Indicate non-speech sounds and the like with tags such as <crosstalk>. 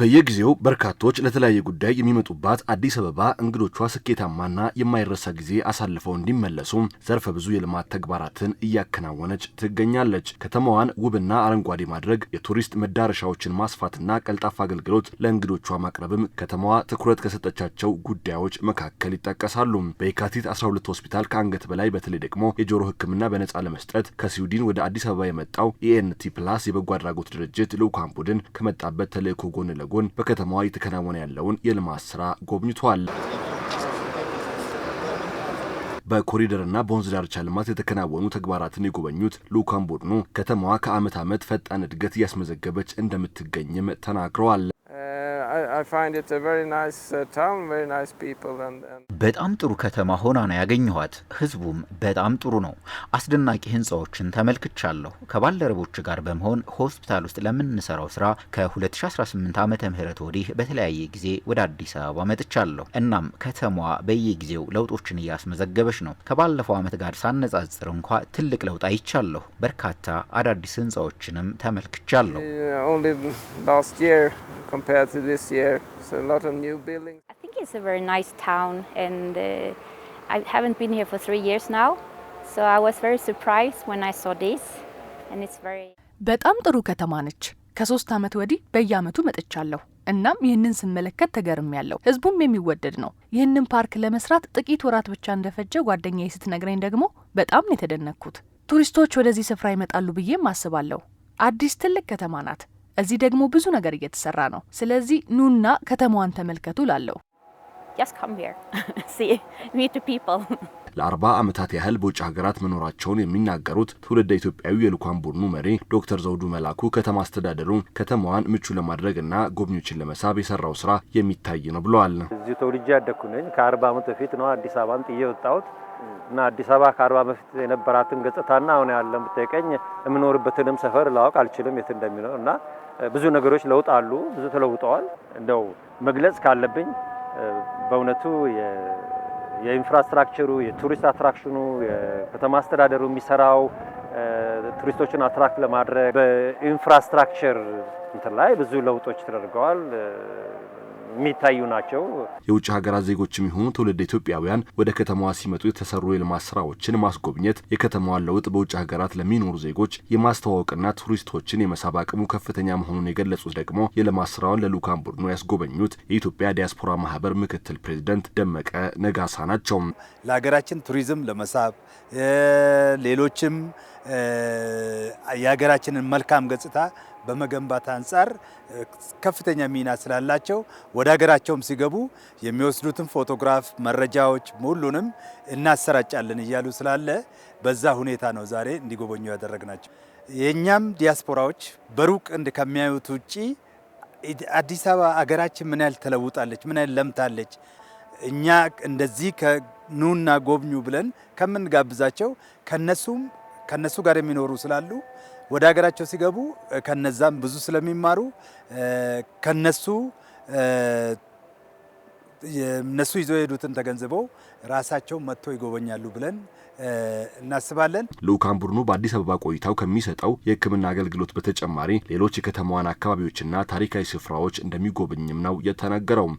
በየጊዜው በርካቶች ለተለያየ ጉዳይ የሚመጡባት አዲስ አበባ እንግዶቿ ስኬታማና የማይረሳ ጊዜ አሳልፈው እንዲመለሱ ዘርፈ ብዙ የልማት ተግባራትን እያከናወነች ትገኛለች። ከተማዋን ውብና አረንጓዴ ማድረግ፣ የቱሪስት መዳረሻዎችን ማስፋትና ቀልጣፋ አገልግሎት ለእንግዶቿ ማቅረብም ከተማዋ ትኩረት ከሰጠቻቸው ጉዳዮች መካከል ይጠቀሳሉ። በየካቲት 12 ሆስፒታል ከአንገት በላይ በተለይ ደግሞ የጆሮ ሕክምና በነፃ ለመስጠት ከስዊድን ወደ አዲስ አበባ የመጣው ኢኤንቲ ፕላስ የበጎ አድራጎት ድርጅት ልዑካን ቡድን ከመጣበት ተልእኮ ጎን ለ በመጎን በከተማዋ እየተከናወነ ያለውን የልማት ስራ ጎብኝቷል። በኮሪደርና በወንዝ ዳርቻ ልማት የተከናወኑ ተግባራትን የጎበኙት ልዑካን ቡድኑ ከተማዋ ከዓመት ዓመት ፈጣን እድገት እያስመዘገበች እንደምትገኝም ተናግረዋል። Uh, በጣም ጥሩ ከተማ ሆና ነው ያገኘኋት። ህዝቡም በጣም ጥሩ ነው። አስደናቂ ህንፃዎችን ተመልክቻለሁ። ከባልደረቦች ጋር በመሆን ሆስፒታል ውስጥ ለምንሰራው ስራ ከ2018 ዓመተ ምህረት ወዲህ በተለያየ ጊዜ ወደ አዲስ አበባ መጥቻለሁ። እናም ከተማዋ በየጊዜው ለውጦችን እያስመዘገበች ነው። ከባለፈው ዓመት ጋር ሳነጻጽር እንኳ ትልቅ ለውጥ አይቻለሁ። በርካታ አዳዲስ ህንፃዎችንም ተመልክቻለሁ። uh, this year. So a lot of new buildings. I think it's a very nice town, and uh, I haven't been here for three years now, so I was very surprised when I saw this, and it's very. በጣም ጥሩ ከተማ ነች። ከሶስት ዓመት ወዲህ በየአመቱ መጥቻለሁ። እናም ይህንን ስመለከት ተገርም ያለው ህዝቡም የሚወደድ ነው። ይህንን ፓርክ ለመስራት ጥቂት ወራት ብቻ እንደፈጀ ጓደኛዬ ስትነግረኝ ደግሞ በጣም ነው የተደነቅኩት። ቱሪስቶች ወደዚህ ስፍራ ይመጣሉ ብዬም አስባለሁ። አዲስ ትልቅ ከተማ ናት። እዚህ ደግሞ ብዙ ነገር እየተሰራ ነው። ስለዚህ ኑና ከተማዋን ተመልከቱ ላለው <laughs> ለአርባ ዓመታት ያህል በውጭ ሀገራት መኖራቸውን የሚናገሩት ትውልደ ኢትዮጵያዊ የልኳን ቡድኑ መሪ ዶክተር ዘውዱ መላኩ ከተማ አስተዳደሩ ከተማዋን ምቹ ለማድረግ እና ጎብኚዎችን ለመሳብ የሰራው ስራ የሚታይ ነው ብለዋል። እዚሁ ተወልጄ ያደግኩ ነኝ። ከአርባ ዓመት በፊት ነው አዲስ አበባን ጥዬ ወጣሁት እና አዲስ አበባ ከአርባ በፊት የነበራትን ገጽታና አሁን ያለን ብጠይቀኝ የምኖርበትንም ሰፈር ላውቅ አልችልም የት እንደሚኖር እና ብዙ ነገሮች ለውጥ አሉ፣ ብዙ ተለውጠዋል። እንደው መግለጽ ካለብኝ በእውነቱ የኢንፍራስትራክቸሩ፣ የቱሪስት አትራክሽኑ፣ የከተማ አስተዳደሩ የሚሰራው ቱሪስቶችን አትራክት ለማድረግ በኢንፍራስትራክቸር እንትን ላይ ብዙ ለውጦች ተደርገዋል። የሚታዩ ናቸው። የውጭ ሀገራት ዜጎችም የሚሆኑ ትውልድ ኢትዮጵያውያን ወደ ከተማዋ ሲመጡ የተሰሩ የልማት ስራዎችን ማስጎብኘት የከተማዋን ለውጥ በውጭ ሀገራት ለሚኖሩ ዜጎች የማስተዋወቅና ቱሪስቶችን የመሳብ አቅሙ ከፍተኛ መሆኑን የገለጹት ደግሞ የልማት ስራውን ለልኡካን ቡድኑ ያስጎበኙት የኢትዮጵያ ዲያስፖራ ማህበር ምክትል ፕሬዚደንት ደመቀ ነጋሳ ናቸው። ለሀገራችን ቱሪዝም ለመሳብ ሌሎችም የሀገራችንን መልካም ገጽታ በመገንባት አንጻር ከፍተኛ ሚና ስላላቸው ወደ ሀገራቸውም ሲገቡ የሚወስዱትን ፎቶግራፍ፣ መረጃዎች ሁሉንም እናሰራጫለን እያሉ ስላለ በዛ ሁኔታ ነው ዛሬ እንዲጎበኙ ያደረግናቸው። የእኛም ዲያስፖራዎች በሩቅ እንድ ከሚያዩት ውጭ አዲስ አበባ አገራችን ምን ያህል ተለውጣለች፣ ምን ያህል ለምታለች እኛ እንደዚህ ከኑና ጎብኙ ብለን ከምንጋብዛቸው ከነሱም ከነሱ ጋር የሚኖሩ ስላሉ ወደ ሀገራቸው ሲገቡ ከነዛም ብዙ ስለሚማሩ ከነሱ እነሱ ይዘው የሄዱትን ተገንዝበው ራሳቸው መጥቶ ይጎበኛሉ ብለን እናስባለን። ልዑካን ቡድኑ በአዲስ አበባ ቆይታው ከሚሰጠው የሕክምና አገልግሎት በተጨማሪ ሌሎች የከተማዋን አካባቢዎችና ታሪካዊ ስፍራዎች እንደሚጎበኝም ነው የተናገረው።